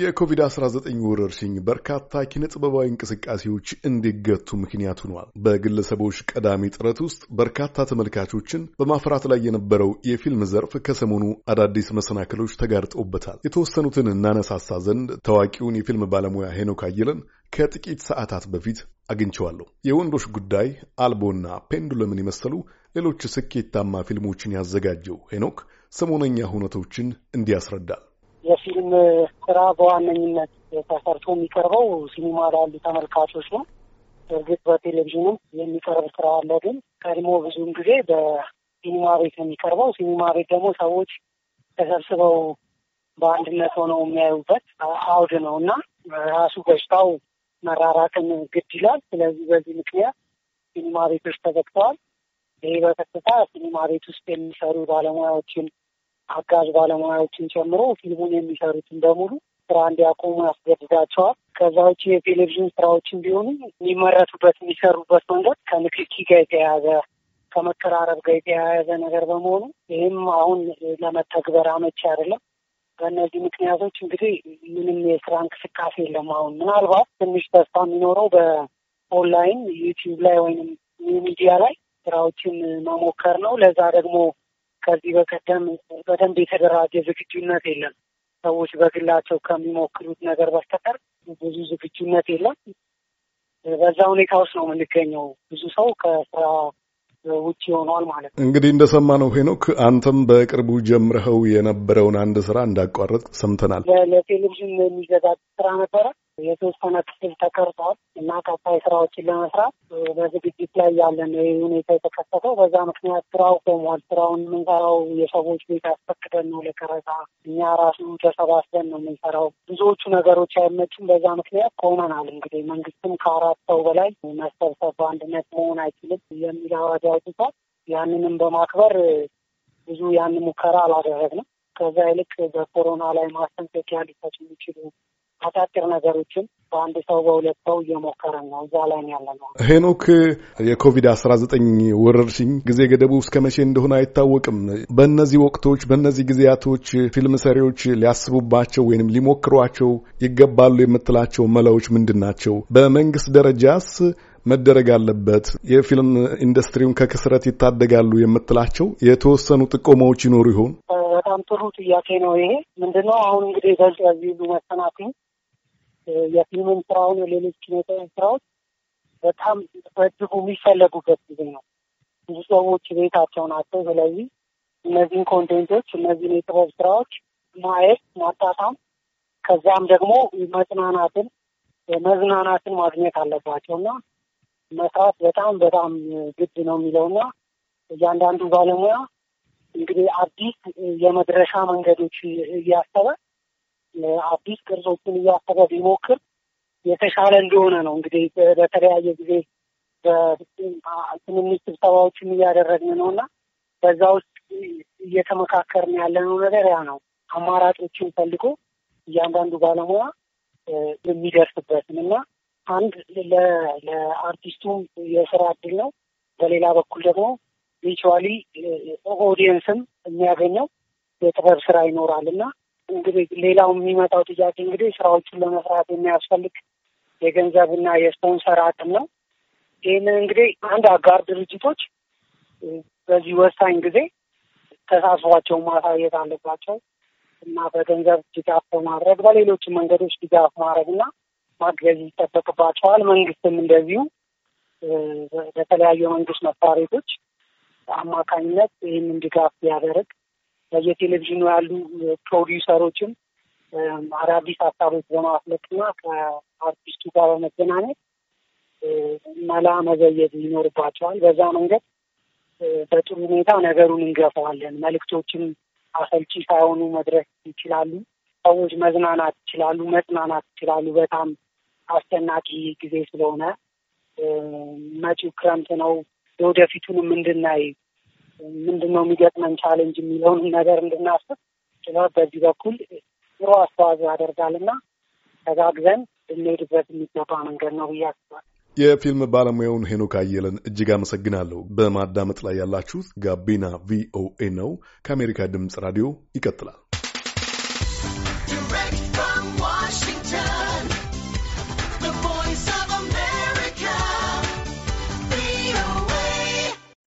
የኮቪድ-19 ወረርሽኝ በርካታ ኪነ ጥበባዊ እንቅስቃሴዎች እንዲገቱ ምክንያት ሆኗል። በግለሰቦች ቀዳሚ ጥረት ውስጥ በርካታ ተመልካቾችን በማፍራት ላይ የነበረው የፊልም ዘርፍ ከሰሞኑ አዳዲስ መሰናክሎች ተጋርጠውበታል። የተወሰኑትን እናነሳሳ ዘንድ ታዋቂውን የፊልም ባለሙያ ሄኖክ አየለን ከጥቂት ሰዓታት በፊት አግኝቸዋለሁ። የወንዶች ጉዳይ፣ አልቦና ፔንዱለምን የመሰሉ ሌሎች ስኬታማ ፊልሞችን ያዘጋጀው ሄኖክ ሰሞነኛ ሁነቶችን እንዲያስረዳል። የፊልም ስራ በዋነኝነት ተሰርቶ የሚቀርበው ሲኒማ ላሉ ተመልካቾች ነው። እርግጥ በቴሌቪዥንም የሚቀርብ ስራ አለ። ግን ቀድሞ ብዙውን ጊዜ በሲኒማ ቤት የሚቀርበው። ሲኒማ ቤት ደግሞ ሰዎች ተሰብስበው በአንድነት ሆነው የሚያዩበት አውድ ነው እና ራሱ በሽታው መራራቅን ግድ ይላል። ስለዚህ በዚህ ምክንያት ሲኒማ ቤቶች ተዘግተዋል። ይህ በቀጥታ ሲኒማ ቤት ውስጥ የሚሰሩ ባለሙያዎችን አጋዥ ባለሙያዎችን ጨምሮ ፊልሙን የሚሰሩትን በሙሉ ስራ እንዲያቆሙ ያስገድዳቸዋል። ከዛ ውጭ የቴሌቪዥን ስራዎችን ቢሆኑ የሚመረቱበት የሚሰሩበት መንገድ ከንክኪ ጋር የተያያዘ ከመቀራረብ ጋር የተያያዘ ነገር በመሆኑ ይህም አሁን ለመተግበር አመቺ አይደለም። በእነዚህ ምክንያቶች እንግዲህ ምንም የስራ እንቅስቃሴ የለም። አሁን ምናልባት ትንሽ ተስፋ የሚኖረው በኦንላይን ዩቲዩብ ላይ ወይም ሚዲያ ላይ ስራዎችን መሞከር ነው። ለዛ ደግሞ ከዚህ በቀደም በደንብ የተደራጀ ዝግጁነት የለም። ሰዎች በግላቸው ከሚሞክሩት ነገር በስተቀር ብዙ ዝግጁነት የለም። በዛ ሁኔታ ውስጥ ነው የምንገኘው። ብዙ ሰው ከስራ ውጭ ሆኗል ማለት ነው። እንግዲህ እንደሰማ ነው ሄኖክ፣ አንተም በቅርቡ ጀምረኸው የነበረውን አንድ ስራ እንዳቋረጥ ሰምተናል። ለቴሌቪዥን የሚዘጋጅ ስራ ነበረ። የተወሰነ ክፍል ተቀርጿል እና ቀጣይ ስራዎችን ለመስራት በዝግጅት ላይ ያለን ይህ ሁኔታ የተከሰተው በዛ ምክንያት ስራው ቆሟል። ስራውን የምንሰራው የሰዎች ቤት አስፈቅደን ነው ለቀረጻ እኛ ራሱ ተሰባስበን ነው የምንሰራው። ብዙዎቹ ነገሮች አይመችም። በዛ ምክንያት ቆመናል። እንግዲህ መንግስትም ከአራት ሰው በላይ መሰብሰብ በአንድነት መሆን አይችልም የሚል አዋጅ አውጥቷል። ያንንም በማክበር ብዙ ያን ሙከራ አላደረግንም። ከዛ ይልቅ በኮሮና ላይ ማስጠንቀቂያ ሊሰጡ የሚችሉ አጫጭር ነገሮችን በአንድ ሰው በሁለት ሰው እየሞከረን ነው። እዛ ላይ ያለ ነው። ሄኖክ፣ የኮቪድ አስራ ዘጠኝ ወረርሽኝ ጊዜ ገደቡ እስከ መቼ እንደሆነ አይታወቅም። በእነዚህ ወቅቶች በእነዚህ ጊዜያቶች ፊልም ሰሪዎች ሊያስቡባቸው ወይንም ሊሞክሯቸው ይገባሉ የምትላቸው መላዎች ምንድን ናቸው? በመንግስት ደረጃስ መደረግ አለበት የፊልም ኢንዱስትሪውን ከክስረት ይታደጋሉ የምትላቸው የተወሰኑ ጥቆማዎች ይኖሩ ይሆን? በጣም ጥሩ ጥያቄ ነው። ይሄ ምንድነው አሁን እንግዲህ በዚህ መሰናክል የፊልምን ስራ የሌሎች ሌሎች ኪነጥበብ ስራዎች በጣም በእጅጉ የሚፈለጉበት ጊዜ ነው። ብዙ ሰዎች ቤታቸው ናቸው። ስለዚህ እነዚህን ኮንቴንቶች፣ እነዚህን የጥበብ ስራዎች ማየት ማጣጣም፣ ከዛም ደግሞ መጽናናትን መዝናናትን ማግኘት አለባቸው እና መስራት በጣም በጣም ግድ ነው የሚለው እና እያንዳንዱ ባለሙያ እንግዲህ አዲስ የመድረሻ መንገዶች እያሰበ አዲስ ቅርጾችን እያሰበ ቢሞክር የተሻለ እንደሆነ ነው። እንግዲህ በተለያየ ጊዜ በትንንሽ ስብሰባዎችን እያደረግን ነው እና በዛ ውስጥ እየተመካከርን ያለነው ነገር ያ ነው። አማራጮችን ፈልጎ እያንዳንዱ ባለሙያ የሚደርስበትን እና አንድ ለአርቲስቱም የስራ እድል ነው። በሌላ በኩል ደግሞ ቪቹዋሊ ኦዲየንስም የሚያገኘው የጥበብ ስራ ይኖራል እና እንግዲህ ሌላው የሚመጣው ጥያቄ እንግዲህ ስራዎችን ለመስራት የሚያስፈልግ የገንዘብና የስፖንሰር አቅም ነው። ይህንን እንግዲህ አንድ አጋር ድርጅቶች በዚህ ወሳኝ ጊዜ ተሳስቧቸው ማሳየት አለባቸው እና በገንዘብ ድጋፍ በማድረግ በሌሎች መንገዶች ድጋፍ ማድረግ እና ማገዝ ይጠበቅባቸዋል። መንግስትም እንደዚሁ በተለያዩ የመንግስት መስሪያ ቤቶች አማካኝነት ይህንን ድጋፍ ቢያደርግ የቴሌቪዥኑ ያሉ ፕሮዲውሰሮችም አዳዲስ ሀሳቦች በማፍለቅና ከአርቲስቱ ጋር በመገናኘት መላ መዘየድ ይኖርባቸዋል። በዛ መንገድ በጥሩ ሁኔታ ነገሩን እንገፋዋለን። መልእክቶችም አሰልቺ ሳይሆኑ መድረስ ይችላሉ። ሰዎች መዝናናት ይችላሉ፣ መጽናናት ይችላሉ። በጣም አስጨናቂ ጊዜ ስለሆነ መጪው ክረምት ነው። የወደፊቱንም እንድናይ ምንድን ነው የሚገጥመን ቻሌንጅ የሚለውን ነገር እንድናስብ ጥበብ በዚህ በኩል ጥሩ አስተዋጽኦ ያደርጋልና ተጋግዘን ልንሄድበት የሚገባ መንገድ ነው ብዬ አስባለሁ። የፊልም ባለሙያውን ሄኖክ አየለን እጅግ አመሰግናለሁ። በማዳመጥ ላይ ያላችሁት ጋቢና ቪኦኤ ነው። ከአሜሪካ ድምፅ ራዲዮ ይቀጥላል።